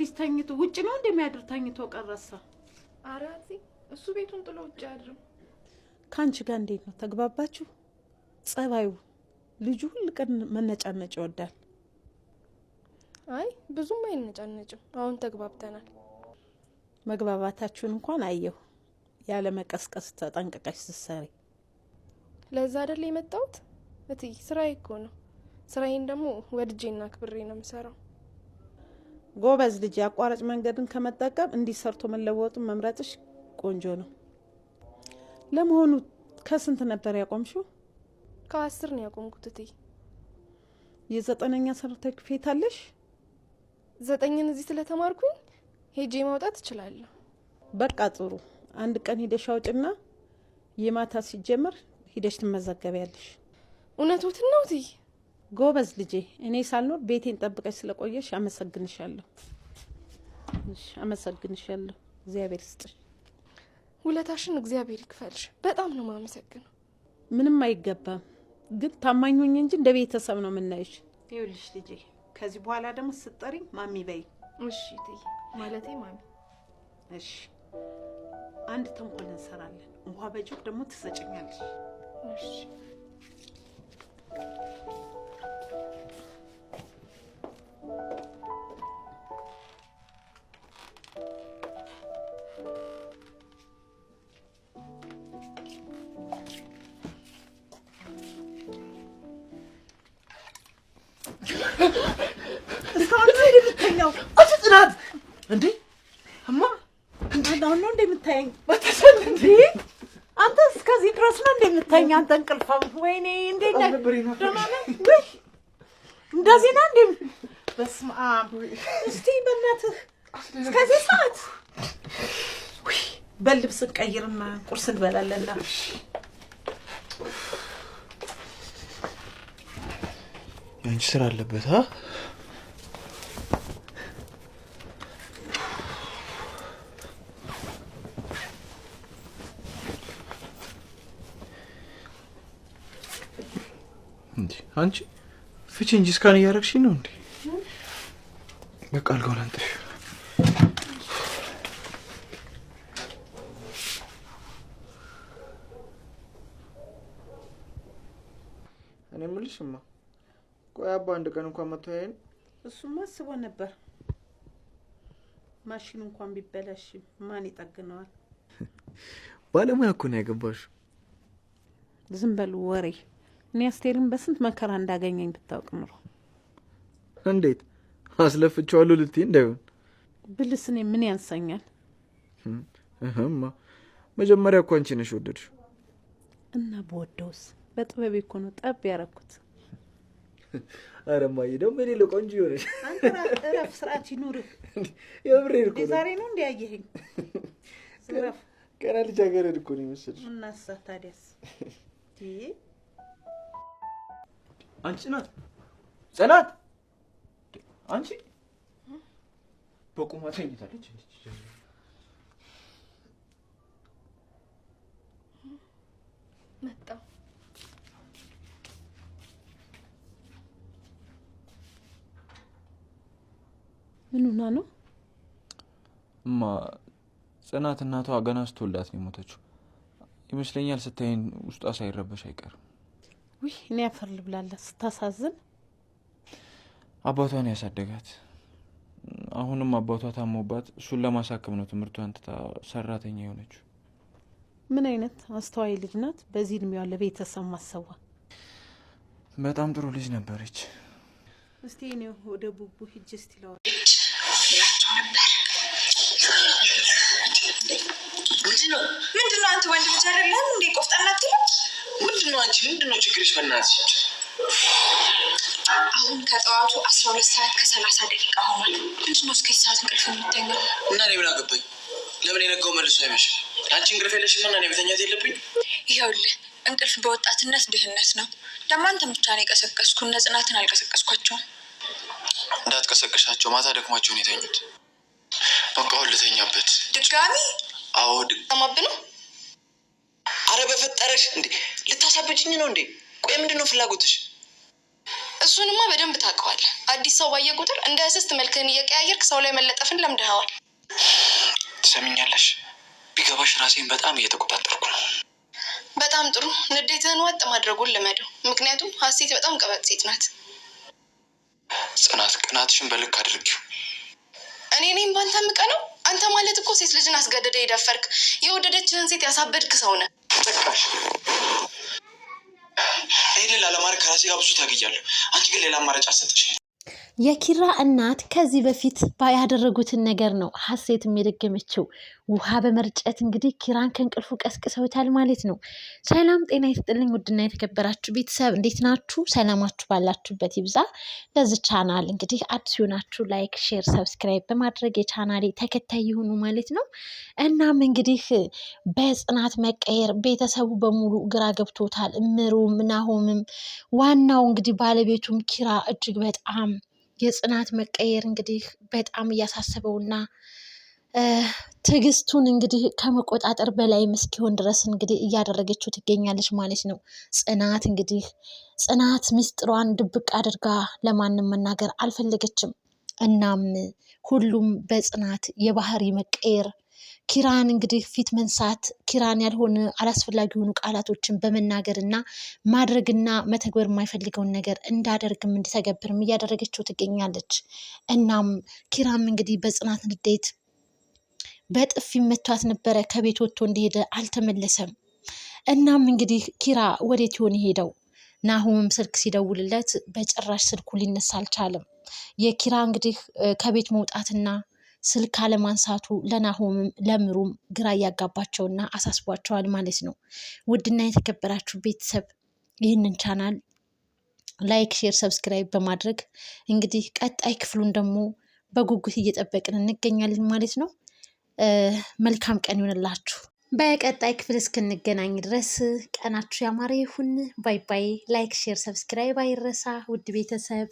ልጅ ተኝቶ ውጭ ነው እንደሚያድር ተኝቶ ቀረሳ። አረ እሱ ቤቱን ጥሎ ውጭ አድርም። ከአንቺ ጋር እንዴት ነው ተግባባችሁ? ጸባዩ ልጁ ሁል ቀን መነጫነጭ ይወዳል። አይ ብዙም አይነጫነጭም። አሁን ተግባብተናል። መግባባታችሁን እንኳን አየሁ። ያለ መቀስቀስ ተጠንቅቀሽ ስትሰሪ። ለዛ አይደል የመጣሁት እትዬ። ስራዬ እኮ ነው። ስራዬን ደግሞ ወድጄና አክብሬ ነው የምሰራው። ጎበዝ ልጅ አቋራጭ መንገድን ከመጠቀም እንዲህ ሰርቶ መለወጡን መምረጥሽ ቆንጆ ነው። ለመሆኑ ከስንት ነበር ያቆምሽው? ከአስር ነው ያቆምኩት እቴ። የዘጠነኛ ሰርተፍኬት አለሽ? ዘጠኝን እዚህ ስለተማርኩኝ ሄጄ ማውጣት እችላለሁ። በቃ ጥሩ። አንድ ቀን ሂደሽ አውጭና የማታ ሲጀመር ሂደሽ ትመዘገቢያለሽ። እውነቱን ነው እቴ። ጎበዝ ልጄ፣ እኔ ሳልኖር ቤቴን ጠብቀሽ ስለቆየሽ አመሰግንሻለሁ። አመሰግንሻለሁ። እግዚአብሔር ይስጥሽ። ውለታሽን እግዚአብሔር ይክፈልሽ። በጣም ነው ማመሰግነው። ምንም አይገባም፣ ግን ታማኝ ሆኜ እንጂ እንደ ቤተሰብ ነው የምናይሽ። ይኸውልሽ ልጄ፣ ከዚህ በኋላ ደግሞ ስትጠሪኝ ማሚ በይ እሺ። እትዬ ማለቴ ማሚ። እሺ፣ አንድ ተንኮል እንሰራለን። ውሃ በጆክ ደግሞ ትሰጭኛለሽ። እሺ ጽናት እንዴ እማ አንተ እስከዚህ ድረስ ነው እንደምታየኝ? አንተ እንቅልፋም። ወይኔ እንዴት ነህ? እንደዚህ ነህ? በስመ አብ። እስኪ በእናትህ እስከዚህ ሰዓት በልብስ እንቀይርና ቁርስ እንበላለና አንቺ ስራ አለበት። አንቺ ፍቺ እንጂ እስካን እያደረግሽ ነው እንዴ? በቃ አልጋውን አንጥፊ የምልሽማ ቆይ አባ አንድ ቀን እንኳን መታየን። እሱማ አስቦ ነበር። ማሽኑ እንኳን ቢበላሽ ማን ይጠግነዋል? ባለሙያ እኮ ነው ያገባሽ። ዝም በል ወሬ። እኔ አስቴርን በስንት መከራ እንዳገኘኝ ብታውቅ ኑሮ። እንዴት አስለፍቼዋለሁ ልትይ እንዳይሆን ብልስ እኔ ምን ያንሰኛል? እህማ መጀመሪያ እኮ አንቺ ነሽ ወደድሽ እና በወደውስ በጥበብ እኮ ነው ጠብ ያረኩት። አረማዬ ደግሞ የሌለ ቆንጆ የሆነች ረፍ ስርዓት ይኑርህ። የምሬን እኮ ዛሬ ነው እንዲያየኝ ገና ልጃገረድ እኮ ነው የመሰለሽ። እናሳ ታዲያስ አንቺ ጽናት ጽናት አንቺ በቁማ ተኝታለች። ምኑና ነው እማ? ጽናት እናቷ ገና ስትወልዳት ነው የሞተችው ይመስለኛል። ስታይን ውስጧ ሳይረበሽ አይቀርም። ውይ እኔ አፈር ልብላለሁ። ስታሳዝን አባቷን ያሳደጋት አሁንም አባቷ ታሞባት እሱን ለማሳከም ነው ትምህርቷን ትታ ሰራተኛ የሆነችው። ምን አይነት አስተዋይ ልጅ ናት! በዚህ እድሜዋ ለቤተሰብ ማሰቧ በጣም ጥሩ ልጅ ነበረች። እስቲ እኔ ወደ ቡቡ ሂጅ እስቲ ምንድነው ምንድን ነው ምንድን ነው? አንተ ወንድ ልጅ አይደለም እንዴ? ቆፍጣና ትለ አንቺ? ምንድን ችግርሽ? በእናትሽ አሁን ከጠዋቱ አስራ ሁለት ሰዓት ከሰላሳ ደቂቃ ሆኗል። ምንድን እስከዚህ ሰዓት እንቅልፍ የሚተኛው? እና እኔ ምን አገባኝ? ለምን የነገው መልሶ አይመሽ? አንቺ እንቅልፍ የለሽ እና እኔ መተኛት የለብኝ? ይኸውልህ እንቅልፍ በወጣትነት ድህነት ነው። ደግሞ አንተን ብቻ ነው የቀሰቀስኩ፣ እነ ጽናትን አልቀሰቀስኳቸውም። እንዳትቀሰቀሻቸው ማታ ደክሟቸውን የተኙት በቃ ሁለተኛበት ድጋሚ አዎ ድጋማብ ነው። አረ በፈጠረሽ እንዴ ልታሳበጅኝ ነው እንዴ? ቆይ ምንድን ነው ፍላጎትሽ? እሱንማ በደንብ ታውቀዋል አዲስ ሰው ባየ ቁጥር እንደ እስስት መልክህን እየቀያየርክ ሰው ላይ መለጠፍን ለምደኸዋል። ትሰሚኛለሽ? ቢገባሽ ራሴን በጣም እየተቆጣጠርኩ ነው። በጣም ጥሩ። ንዴትህን ዋጥ ማድረጉን ልመደው። ምክንያቱም ሀሴት በጣም ቀበጥ ሴት ናት። ጽናት፣ ቅናትሽን በልክ አድርጊው። እኔ እኔም በአንተ ምቀ ነው። አንተ ማለት እኮ ሴት ልጅን አስገድደ የደፈርክ የወደደችህን ሴት ያሳበድክ ሰው ነህ። በቃሽ፣ ይህንን ላለማድረግ ከራሴ ጋር ብዙ ታግያለሁ። አንቺ ግን ሌላ አማራጭ አሰጠሽ። የኪራ እናት ከዚህ በፊት ያደረጉትን ነገር ነው ሀሴት የደገመችው። ውሃ በመርጨት እንግዲህ ኪራን ከእንቅልፉ ቀስቅሰውታል ማለት ነው። ሰላም ጤና ይስጥልኝ ውድና የተከበራችሁ ቤተሰብ እንዴት ናችሁ? ሰላማችሁ ባላችሁበት ይብዛ። ለዚ ቻናል እንግዲህ አዲስ ሆናችሁ ላይክ፣ ሼር፣ ሰብስክራይብ በማድረግ የቻናሌ ተከታይ የሆኑ ማለት ነው። እናም እንግዲህ በጽናት መቀየር ቤተሰቡ በሙሉ ግራ ገብቶታል። እምሩም ናሆምም ዋናው እንግዲህ ባለቤቱም ኪራ እጅግ በጣም የጽናት መቀየር እንግዲህ በጣም እያሳሰበውና ትዕግስቱን እንግዲህ ከመቆጣጠር በላይ እስኪሆን ድረስ እንግዲህ እያደረገችው ትገኛለች ማለት ነው። ጽናት እንግዲህ ጽናት ምስጢሯን ድብቅ አድርጋ ለማንም መናገር አልፈለገችም። እናም ሁሉም በጽናት የባህሪ መቀየር ኪራን እንግዲህ ፊት መንሳት ኪራን ያልሆነ አላስፈላጊ የሆኑ ቃላቶችን በመናገር እና ማድረግና መተግበር የማይፈልገውን ነገር እንዳደርግም እንዲተገብርም እያደረገችው ትገኛለች። እናም ኪራም እንግዲህ በጽናት ንዴት በጥፊ መቷት ነበረ። ከቤት ወጥቶ እንደሄደ አልተመለሰም። እናም እንግዲህ ኪራ ወዴት ይሆን የሄደው? ናሁምም ስልክ ሲደውልለት በጭራሽ ስልኩ ሊነሳ አልቻለም። የኪራ እንግዲህ ከቤት መውጣትና ስልክ አለማንሳቱ ለናሆምም ለምሩም ግራ እያጋባቸውና አሳስቧቸዋል ማለት ነው። ውድና የተከበራችሁ ቤተሰብ ይህንን ቻናል ላይክ፣ ሼር፣ ሰብስክራይብ በማድረግ እንግዲህ ቀጣይ ክፍሉን ደግሞ በጉጉት እየጠበቅን እንገኛለን ማለት ነው። መልካም ቀን ይሆንላችሁ። በቀጣይ ክፍል እስክንገናኝ ድረስ ቀናችሁ ያማረ ይሁን። ባይ ባይ። ላይክ፣ ሼር፣ ሰብስክራይብ አይረሳ ውድ ቤተሰብ